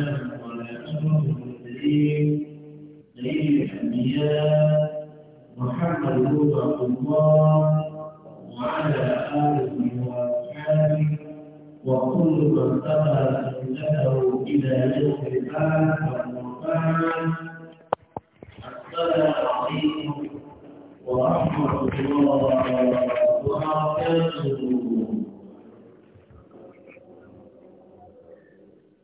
والسلام على أشرف المرسلين سيد الأنبياء محمد رسول الله وعلى آله وأصحابه وكل من تبع سنته إلى يوم البعث والمرفعة السلام عليكم ورحمة الله وبركاته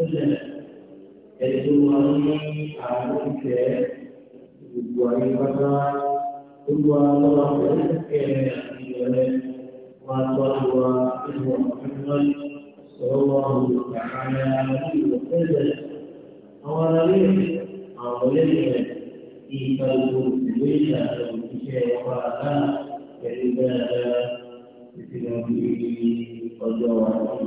ó ṣẹlẹ̀ ẹ̀sùn wọn ní àwọn oúnjẹ gbogbo ayé pátá gbogbo alọ́wọ́ pẹ̀lú kẹrẹ àti ìrẹ̀lẹ̀ wọn tó àlùwà ìwọ̀ ìwọ̀n sọ̀rọ̀ wọn lò kàkàrà àti ìwọ̀ pẹ̀lẹ̀ àwọn aráyé àwọn ọlẹ́yìn ìgbà gbogbo ìwé ìṣàlẹ̀ òṣìṣẹ́ ọba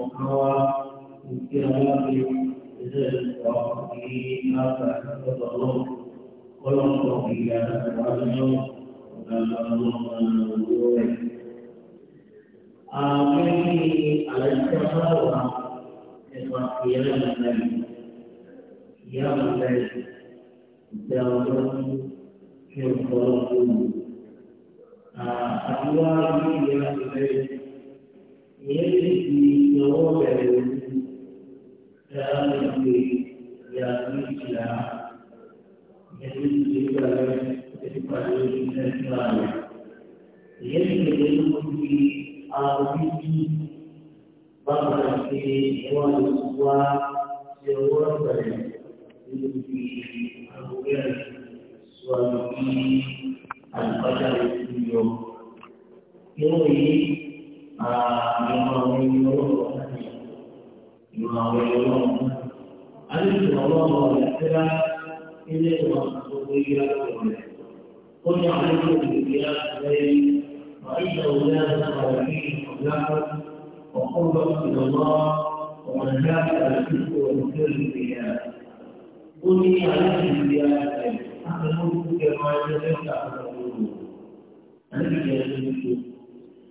وقوى وكرامه لذلك وفي آفة الله ولقد إياك وعلمه وكان الله من آمين على التهاوى إطلاقيا النبي يا النبي دعوني في الظلم أدواري يا النبي ìyẹn lè fi ìyàwó bẹ̀rẹ̀ lórí ẹ̀rọ ìgbé ìyàwó ìjìlá ìyẹn lè fi ìgbà rẹ̀ ẹ̀fí pàdé lórí ẹ̀fíà rẹ̀. ìyẹn lè fi ìyàwó fi àwọn bíbí bákan náà fi ìrọ̀lọ́wọ́ ìrọ̀lọ́wọ́ ìrọ̀lọ́wọ́ ìrọ̀lọ́wọ́ àdéhùn ọlọ́wọ́ ìrẹ́sẹ́lá ilé ìwà gbogbo ìyá rẹ̀ ó ní àdéhùn ìgbéyà lẹ́yìn وإن أولاد الله ومن جاء الفسق والمكر بالله قل لي عليكم يا أهل الملك كما يتبع أهل القلوب أنا بجاهل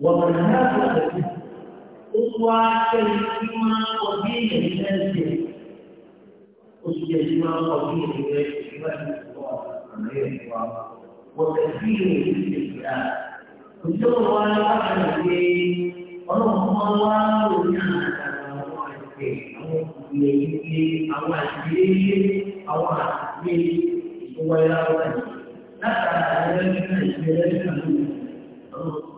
ومنهاج التي أسوة كلمة قديمة للناس أسوة قديمة للناس وتكفير الاستثناء كنت أقول أنا في اللهم الله Thank you.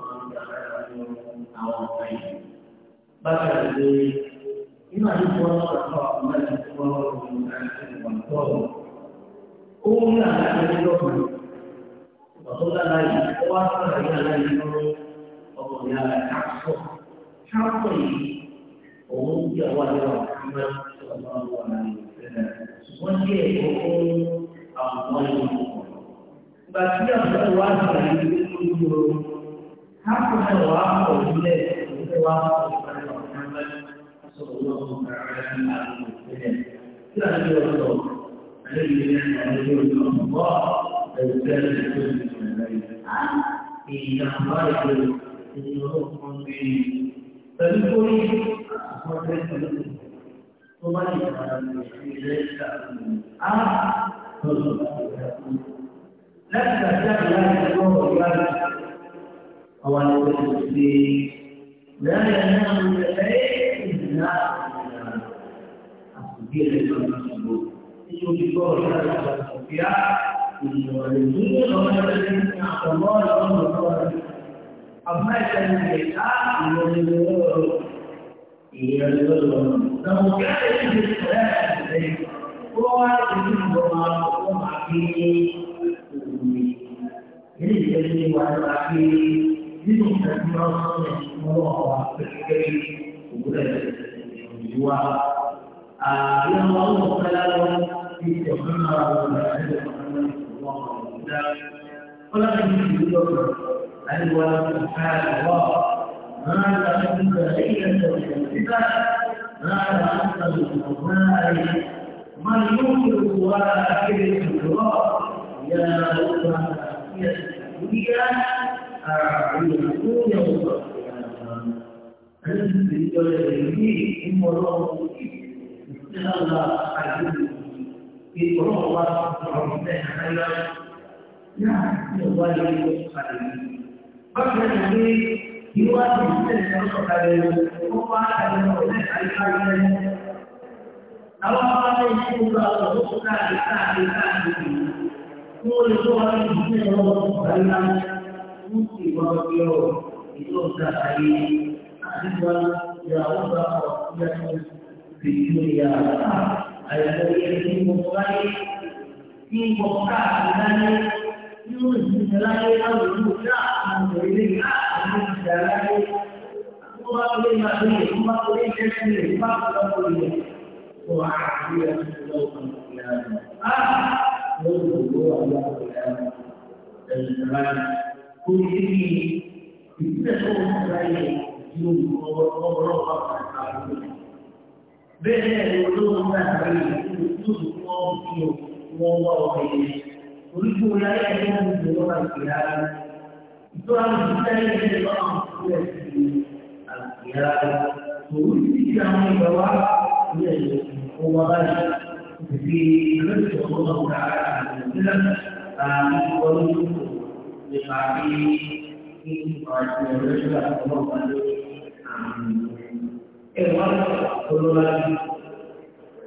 àwọn ọ̀gá yìí. Bákan náà nínú àdúgbò ọ̀sọ̀tọ̀ ọ̀gbọ́n ti wọ́n ọ̀gbọ́n àti ìgbàgbọ́. Ó ń rí àlàyé lọ́gbọ̀n. Ọ̀tọ́ lára yìí, ó wá sọ̀rọ̀ yìí àlàyé lọ́rọ́ ọmọ ìyá rẹ̀ káàkọ̀. Káàkọ̀ yìí, òun jẹ́ ọwọ́ àdúrà ọ̀gbọ́n ọ̀gbọ́n ọ̀gbọ́n wọ́n jẹ́ ìkókó àwọn ọmọ ìlú. Ìgbà tí àbúrò wá sọ̀rọ̀ yìí حقنا وعفو إليه وتواصل على محمد صلى الله تعالى عليه وسلم لا يوصل عليه أن يقول الله لو كان كل من في أخباره إنه به فبالكل أخبرته ثم يتعلم إليك أن لا تستطيع أن تقول àwọn ẹgbẹ́ tó ṣe lẹ́yìn náà ń bẹ̀rẹ̀ ìdílá àkùdí ẹ̀rẹ́ tó ń sọ̀rọ̀ nítorí gbọ́dọ̀ láti ṣe àkùdíá ìrọ̀lẹ́ nínú ọ̀rọ̀ ẹgbẹ́ ní àkọ́mọ́ ọ̀rọ̀ ọ̀rọ̀ àbá ìṣẹ̀lẹ̀ ìṣẹ̀ká ìrọ̀lẹ́ lọ́rọ̀ ìrọ̀lẹ́ lọ́rọ̀ làwọn ọ̀gá ẹ̀ṣin ti sọ̀rọ̀ ẹ̀ ó wá ìdí ìbọn máa wọ́n máa fi ní òwúrẹ́ ilé ìṣẹ́jú wa idi ibon maa won nínú ìtàkùn ọ̀sán ọwọ́ ọ̀wà pẹ̀lú òwúrọ̀ ìwà àwọn ọmọ ọ̀kadà lọ sí ìjọba náà wọlé ẹgbẹ́ ọ̀sán ọwọ́ ọ̀dá ọlọ́run ní ìlú lọ́kọ̀ àìwọ̀ ọ̀kadà wọ̀ máa ń lọ sí ìgbà ìyẹn tó yẹ síta máa ń lọ sí ìgbà ìgbà náà من ينكر ولا يكذب الله يا رب العالمين àìyànjú yàwó àti ìjọ ìrírí ìmọ̀lọ́ ìṣẹ́lá àdúgbò ìgbọ̀nà wa sọ̀rọ̀ bẹ́ẹ̀ náírà náà ní ọ̀wá ilé ìpàdé. Bákan náà ní ìwádìí ìṣẹ̀lẹ̀ ọ̀sọ̀kalẹ̀ ó wá àìyàn ọ̀rẹ́ àìkáyọ̀ àwọn ọmọdé ìṣẹ́gbà ọ̀rọ̀ tó káàkiri káàkiri káàkiri tí wọ́n lè tó wá ní ìṣẹ́lẹ̀ bukti bahwa beliau itu sudah hari jauh ya Allah ya di dunia ayat ini ini mulai dibuka dengan Yunus selain al-Musa mengelilingi Yunus selain Allah boleh mati, Allah boleh jadi, Allah boleh Tuhan dia sudah mengkhianati. Ah, Tuhan dia sudah mengkhianati. Dan selanjutnya, kunjungi bisnes orang lain jumpa orang orang lain. Benar itu orang lain itu semua itu orang lain. Kalau kita yang ini jangan kiraan itu harus kita yang ini orang kita kiraan. Kalau kita yang ini bawa dia orang lain. Jadi kalau kita orang lain dalam kalau kami Bismillahirrahmanirrahim. Innallaha wa malaikatahu yusholluna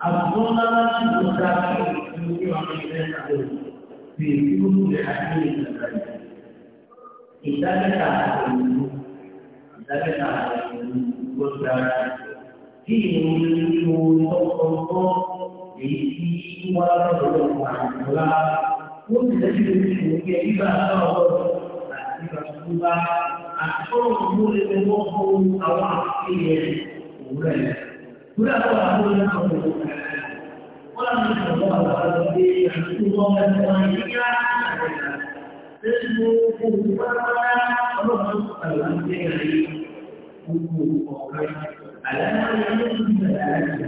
'alan-nabi. Ya ayyuhallazina amanu shollu 'alaihi wa sallimu taslima. wọ́n ti lè ṣe ìṣẹ̀lẹ̀ ìgbà àwọn àti ìgbàgbọ́gbà àtọ́rọ̀ mú ẹgbẹ́ wọ́n kọ́ àwọn àfihàn òwúrọ̀ yẹn. Wúlò àwọn àwọn ọmọ náà wọ̀ wọ́n láti sọ̀rọ̀ àwọn àwọn ọmọdé àti ìwọ́n ẹgbẹ́ wọn ní kíá àgbẹ̀dà. Lẹ́nu ogun pátápátá ọlọ́run sọ̀rọ̀ àti ẹ̀rí gbogbo ọ̀kan. Àlẹ́ náà yẹ kí ó ti bẹ̀rẹ̀ àlẹ́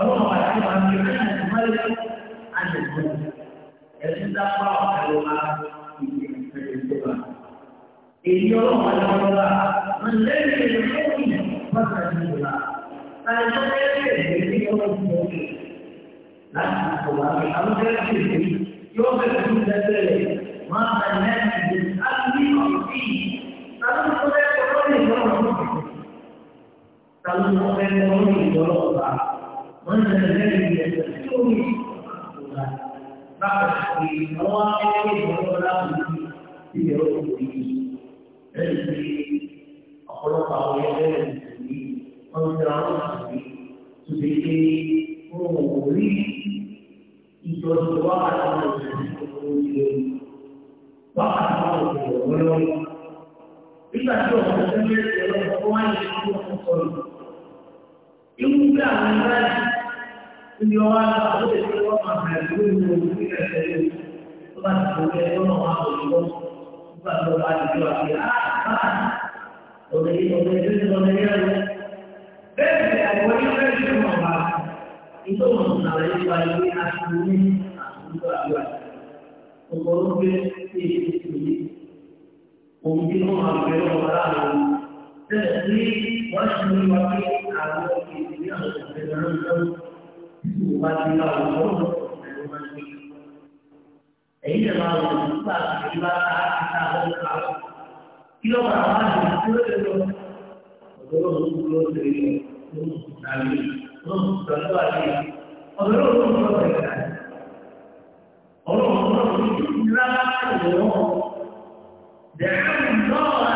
ọlọ́run wà láti máa fi ẹ̀yìn àti mọ́lẹ́ àti ìgbọ́n ẹ̀sìn dápá ọ̀pẹ̀lú ara ìgbẹ̀rẹ̀gbẹ̀rẹ̀ èyí ọlọ́run wà láwọn ọlọ́ra wọn lẹ́yìn ìlú lórí bàtà ìgbà láti tó lẹ́yìn ìlú ní ọlọ́run lórí láti ìgbà àwọn lẹ́yìn ìlú yóò bẹ̀rẹ̀ fún ìdẹ́gbẹ̀rẹ̀ wọn bá lẹ́yìn ìlú láti ní ọ̀sìn láti tó lẹ́yìn ìlú lórí ìjọba من الذي يستطيعني فقد في نوائه ولا في ربه الذي أخلق عليه المسلمين وانزرع المسلمين تبكي أموري يتوسع على المسلمين وقد مرض الأولون إذا كنت تسمع الأولون فهو أن يكون Inga mengaji tujuan aku itu apa mengaji itu kita sendiri. Tuhan sudah itu nama Tuhan. Tuhan sudah ada dua kira. Oleh itu oleh itu oleh itu. Tapi aku yang berjuang mengapa? Itu mengenali bagi asli asli itu adalah. Kalau begitu, ini ini. Mungkin orang berorang. Tetapi masih masih àwọn ìdílé náà ṣẹlẹ̀ lọ́wọ́ tí kò bá ti lọ àwọn ọ̀rọ̀ ẹ̀rọ máa ń gbé. Èyí lè máa wọ̀ nígbà bá ta àtà àwọn ọ̀rọ̀ àwọn. Kí ló máa wá ní ìdílé tó lè lọ? Ọ̀dọ́rọ̀ ló ń lọ sí ilé ló ń kúta lé ló ń kúta ló wà lé. ló ń lọ sí ìlà. Ọlọ́run ló ń ra ìwọ̀n. Dẹ̀rẹ́ ìlọ́ọ̀rà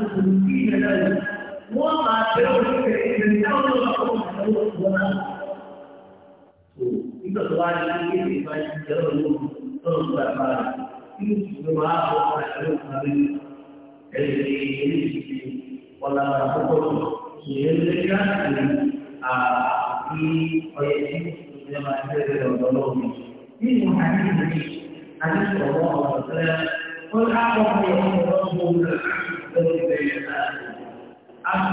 ló ń kí ìrẹ̀lẹ̀ wọ́n máa bẹ̀rù jadi tahu tu apa maksudnya. Itu selain itu, kita banyak jauh terus berfaham. Ini semua orang harus tahu. Jadi ini kalau kita berfaham, ini mereka ini ah ini oleh ini sudah macam ada dalam dalam ini. Ini mungkin ini ada semua orang sudah. Kalau kita berfaham, kita berfaham.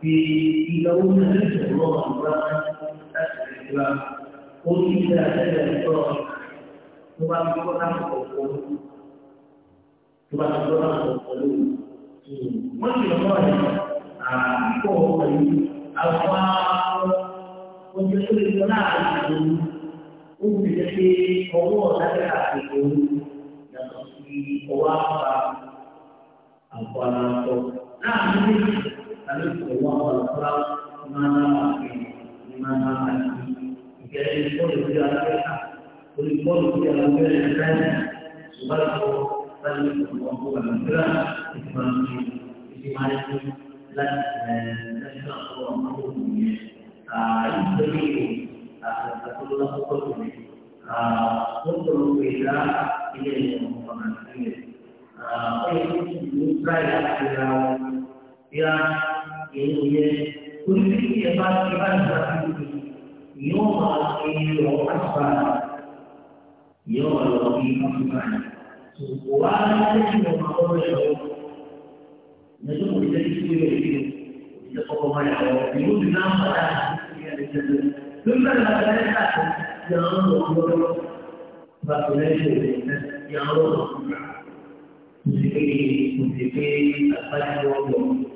في لون نجم رمضان الاسلام قل اذا هدى الفرح ثم يقول انا القبول ثم يقول انا القبول وفي الغالب اقوى من الفرح ومن الفرح ومن الفرح ومن الفرح ومن الفرح ومن الفرح ومن الفرح ومن الفرح lalu Allah berfirman di mana lagi, di mana lagi. Jika ini boleh dijalankan, boleh boleh dijalankan dengan baik. Sebab itu kami mengumpulkan mereka di mana di mana itu dan eh, dan juga Allah mengumumkan. Tapi demi itu, satu dalam pokok ini, ah, untuk kita ini mengumpulkan mereka. Oh, ini juga yang 因为规律也把一万多的米，牛马给罗汉算了，牛马罗汉算了，主观的这种矛盾的时那是我们的思维里面，我们的包括方向哦，比如你刚好在思维里面的就是，根本上在那个羊肉多，是吧？本来就是羊肉多，你可以，你可以把它给我用。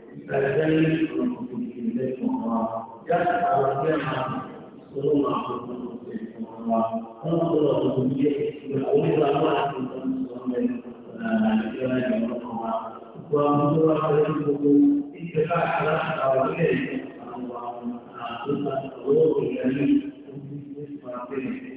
فلديه يسأل بها صلى الله عليه وسلم ننظر الدنيا والأولى الله ومن يرحمه اتباع حلقه وإليه الله أعطينا الروح الجميل ومن يسمع به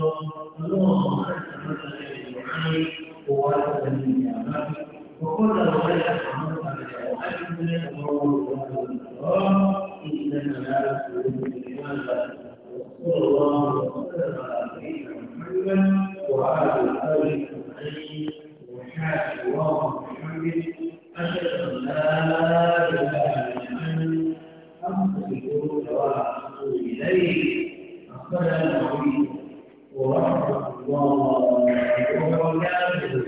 lọ ọlọ́run máa ń ṣàlàyé ìwádìí kó wá sọ̀rọ̀ ní ìyàrá. Ọ̀pọ̀lọpọ̀ àwọn ọ̀rẹ́ àwọn ọ̀rẹ́ àwọn ọ̀rẹ́